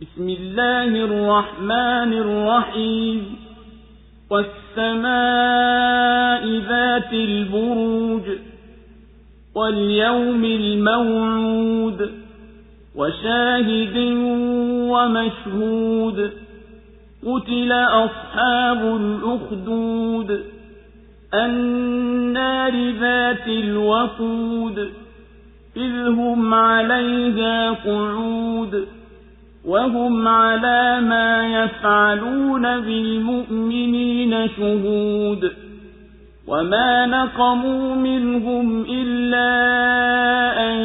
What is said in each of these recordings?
بسم الله الرحمن الرحيم والسماء ذات البروج واليوم الموعود وشاهد ومشهود قتل أصحاب الأخدود النار ذات الوقود إذ هم عليها قعود وهم على ما يفعلون بالمؤمنين شهود وما نقموا منهم إلا أن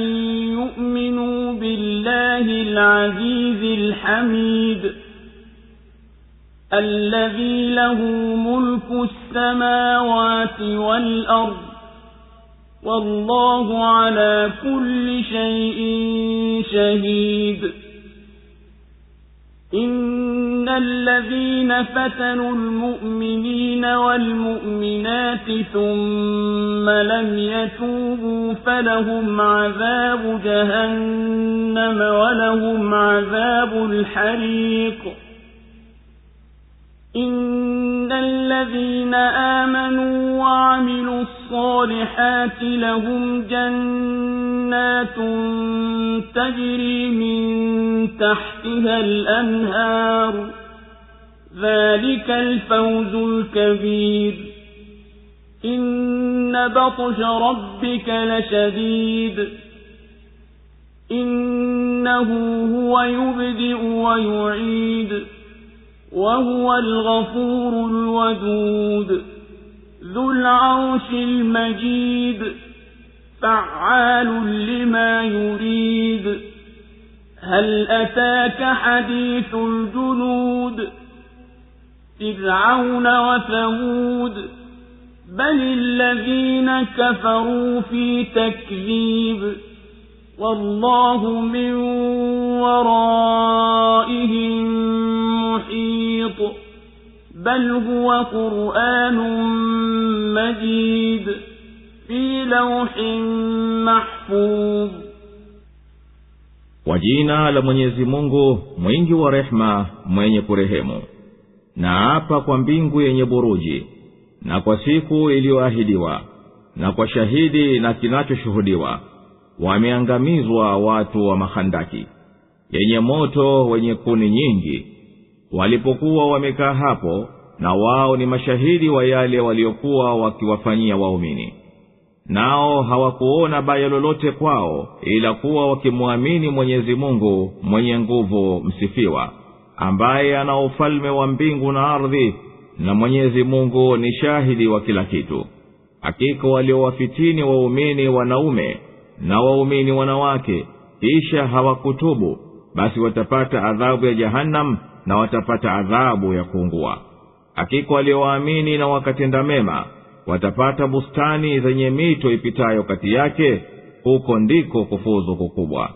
يؤمنوا بالله العزيز الحميد الذي له ملك السماوات والأرض والله على كل شيء شهيد إن الذين فتنوا المؤمنين والمؤمنات ثم لم يتوبوا فلهم عذاب جهنم ولهم عذاب الحريق إن الذين آمنوا وعملوا الصالحات لهم جنات تجري من تحتها الأنهار ذلك الفوز الكبير إن بطش ربك لشديد إنه هو يبدئ ويعيد وهو الغفور الودود ذو العرش المجيد فعال لما يريد هل أتاك حديث الجنود فرعون وثمود بل الذين كفروا في تكذيب والله من ورائهم محيط تفريط بل هو قرآن مجيد في لوح محفوظ kwa jina la mwenyezi mungu mwingi wa rehema mwenye kurehemu na apa kwa mbingu yenye buruji na kwa siku iliyoahidiwa na kwa shahidi na kinachoshuhudiwa wameangamizwa watu wa mahandaki yenye moto wenye kuni nyingi walipokuwa wamekaa hapo na wao ni mashahidi wa yale waliokuwa wakiwafanyia waumini nao hawakuona baya lolote kwao ila kuwa wakimwamini mwenyezi mungu mwenye nguvu msifiwa ambaye ana ufalme wa mbingu na ardhi na mwenyezi mungu ni shahidi wa kila kitu hakika waliowafitini waumini wanaume na waumini wanawake kisha hawakutubu basi watapata adhabu ya jahanamu na watapata adhabu ya kuungua hakika waliowaamini na wakatenda mema watapata bustani zenye mito ipitayo kati yake huko ndiko kufuzu kukubwa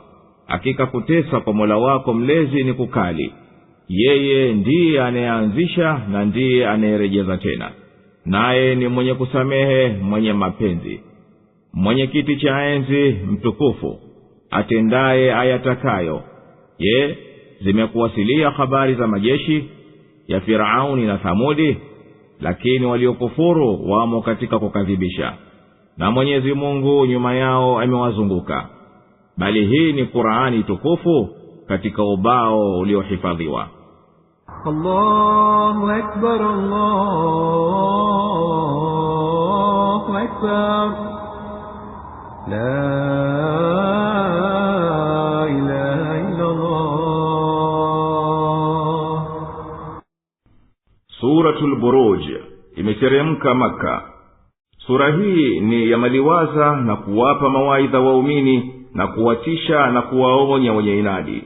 hakika kutesa kwa mola wako mlezi ni kukali yeye ndiye anayeanzisha na ndiye anayerejeza tena naye ni mwenye kusamehe mwenye mapenzi mwenye kiti cha enzi mtukufu atendaye ayatakayo je zimekuwasilia habari za majeshi ya firauni na thamudi lakini waliokufuru wamo katika kukadhibisha na mwenyezi mungu nyuma yao amewazunguka bali hii ni qurani tukufu katika ubao uliohifadhiwa La suratul buruj imeteremka maka sura hii ni ya maliwaza na kuwapa mawaidha waumini na kuwatisha na kuwaonya wenye inadi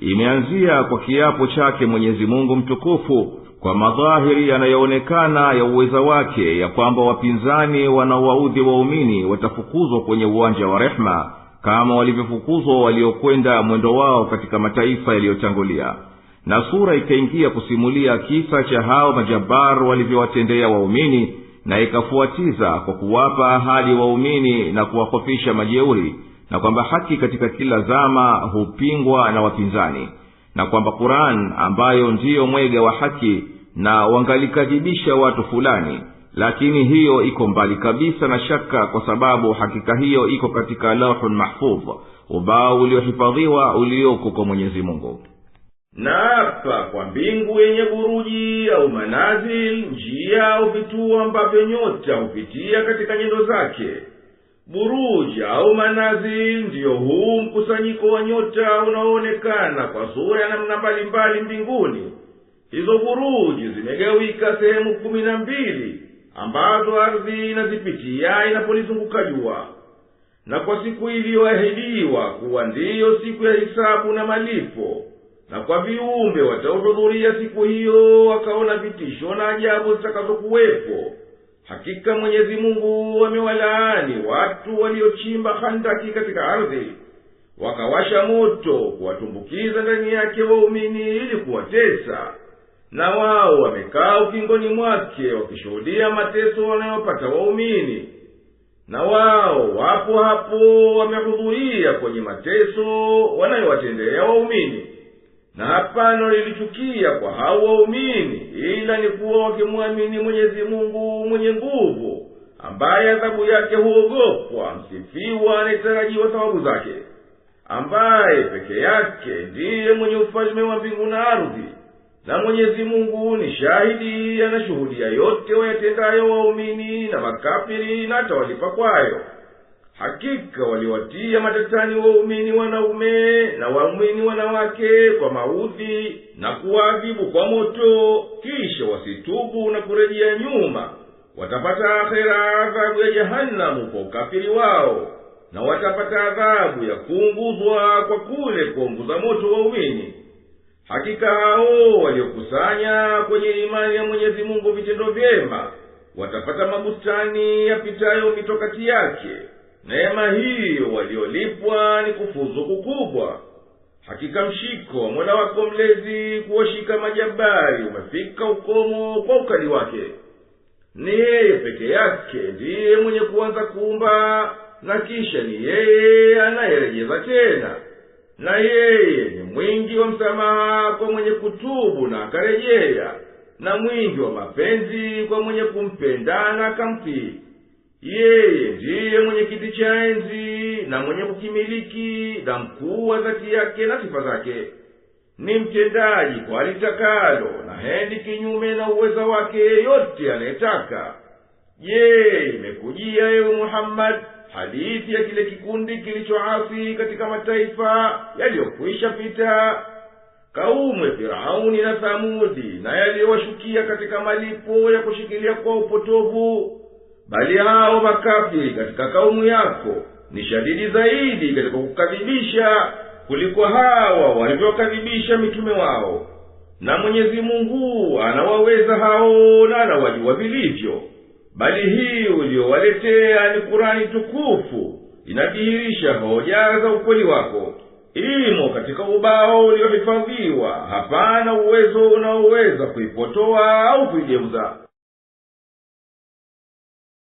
imeanzia kwa kiapo chake mwenyezi mungu mtukufu kwa madhahiri yanayoonekana ya uweza wake ya kwamba wapinzani wanaowaudhi waumini watafukuzwa kwenye uwanja wa rehema kama walivyofukuzwa waliokwenda mwendo wao katika mataifa yaliyotangulia na sura ikaingia kusimulia kisa cha hao majabar walivyowatendea waumini na ikafuatiza kwa kuwapa ahadi waumini na kuwakofisha majeuri na kwamba haki katika kila zama hupingwa na wapinzani na kwamba quran ambayo ndiyo mwega wa haki na wangalikadhibisha watu fulani lakini hiyo iko mbali kabisa na shaka kwa sababu hakika hiyo iko katika lauhun mahfudh ubao uliohifadhiwa ulioko kwa mwenyezi mungu naapa kwa mbingu yenye buruji au manazil njia au vituo ambavyo nyota hupitia katika nyendo zake buruji au manazil ndiyo huu mkusanyiko wa nyota unaoonekana kwa sura ya namna mbalimbali mbinguni hizo buruji zimegawika sehemu kumi na mbili ambazo ardhi inazipitia inapolizunguka jua na kwa siku iliyoahidiwa kuwa ndiyo siku ya hisabu na malipo na kwa viumbe watahudhuria siku hiyo wakaona vitisho na ajabu zitakazokuwepo hakika mwenyezi mungu wamewalaani watu waliochimba handaki katika ardhi wakawasha moto kuwatumbukiza ndani yake waumini ili kuwatesa na wao wamekaa ukingoni mwake wakishuhudia mateso wanayopata waumini na wao wapo hapo wamehudhuria kwenye mateso wanayowatendea waumini na hapana walilichukia kwa hao waumini ila ni kuwa wakimwamini mwenyezi mungu mwenye nguvu ambaye adhabu yake huogopwa msifiwa anayetarajiwa thawabu zake ambaye peke yake ndiye mwenye ufalume wa mbingu na ardhi na mwenyezi mungu ni shahidi anashuhudia yote wayatendayo waumini na makafiri na atawalipa kwayo hakika waliwatia matatani waumini wanaume na waumini wanawake kwa maudhi na kuwaadhibu kwa moto kisha wasitubu na kurejea nyuma watapata akhera adhabu ya jahanamu kwa ukafiri wao na watapata adhabu ya kuunguzwa kwa kule kuunguza moto waumini hakika hao waliokusanya kwenye imani ya mwenyezi mungu vitendo vyema watapata mabustani yapitayo mitokati yake neema hiyo waliolipwa ni kufuzu kukubwa hakika mshiko mola wako mlezi kuwashika majabari umefika ukomo kwa ukali wake ni yeye peke yake ndiye mwenye kuanza kuumba na kisha ni yeye anayerejeza tena na yeye ni mwingi wa msamaha kwa mwenye kutubu na akarejeya na mwingi wa mapenzi kwa mwenye kumpenda na akamtii yeye ndiye mwenye kiti cha enzi na mwenye kukimiliki na mkuu wa dhati yake na sifa zake ni mtendaji kwa litakalo na hendi kinyume na uweza wake yeyote anayetaka je imekujia ewe muhammadi hadithi ya kile kikundi kilichoasi katika mataifa yaliyokwisha pita kaumwe firauni na thamudi na yaliyowashukia katika malipo ya kushikilia kwa upotovu bali hao makafiri katika kaumu yako ni shadidi zaidi katika kukadhibisha kuliko hawa walivyokadhibisha mitume wao na mwenyezi mungu anawaweza hao na anawajua vilivyo bali hii uliyowaletea ni kurani tukufu inadhihirisha hoja za ukweli wako imo katika ubao uliohifadhiwa hapana uwezo unaoweza kuipotoa au kuigeuza